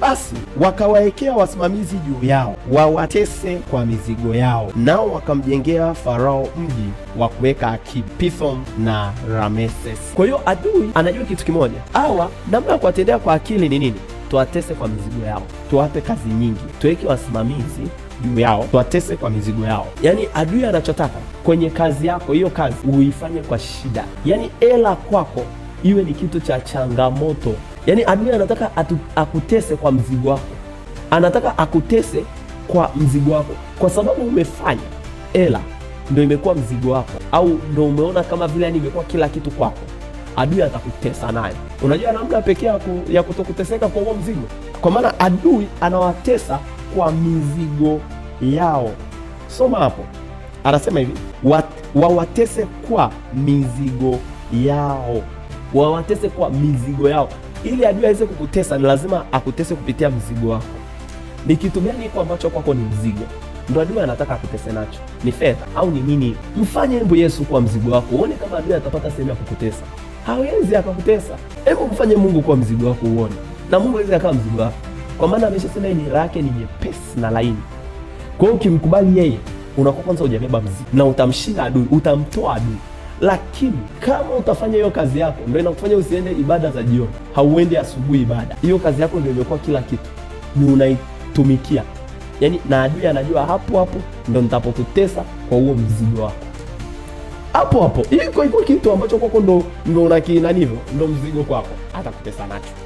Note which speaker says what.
Speaker 1: Basi wakawaekea wasimamizi juu yao wawatese kwa mizigo yao, nao wakamjengea Farao mji wa kuweka akiba, Pithom na Rameses. Kwa hiyo adui anajua kitu kimoja, hawa namna ya kuwatendea kwa akili ni nini? Tuwatese kwa mizigo yao, tuwape kazi nyingi, tuweke wasimamizi juu yao, tuwatese kwa mizigo yao. Yaani adui anachotaka kwenye kazi yako, hiyo kazi uifanye kwa shida, yaani ela kwako iwe ni kitu cha changamoto. Yaani adui anataka atu, akutese kwa mzigo wako, anataka akutese kwa mzigo wako, kwa sababu umefanya hela ndo imekuwa mzigo wako, au ndo umeona kama vile yani imekuwa kila kitu kwako, adui atakutesa nayo. Unajua namna pekee ya kutokuteseka kwa huo mzigo, kwa maana adui anawatesa kwa mizigo yao. Soma hapo, anasema hivi wawatese kwa mizigo yao, wawatese kwa mizigo yao ili adui aweze kukutesa, ni lazima akutese kupitia mzigo wako. Ni kitu gani iko ambacho kwako ni mzigo, ndo adui anataka akutese nacho? Ni fedha au ni nini? Mfanye mbu Yesu kuwa mzigo wako, uone kama adui atapata sehemu ya kukutesa. Hawezi akakutesa. Hebu mfanye Mungu kuwa mzigo wako, uone na Mungu aweze akawa mzigo wako, kwa maana ameshasema nira yake ni nyepesi na laini. Kwa hiyo ukimkubali yeye unakuwa kwanza hujabeba mzigo, na utamshinda adui, utamtoa adui lakini kama utafanya hiyo kazi yako ndio inakufanya usiende ibada za jioni, hauendi asubuhi ibada. Hiyo kazi yako ndio imekuwa kila kitu, ni unaitumikia. Yaani na adui anajua hapo hapo ndio nitapokutesa kwa huo mzigo wako hapo hapo, iko iko kitu ambacho kwako ndo ndo unakinanivyo ndo mzigo kwako, atakutesa nacho.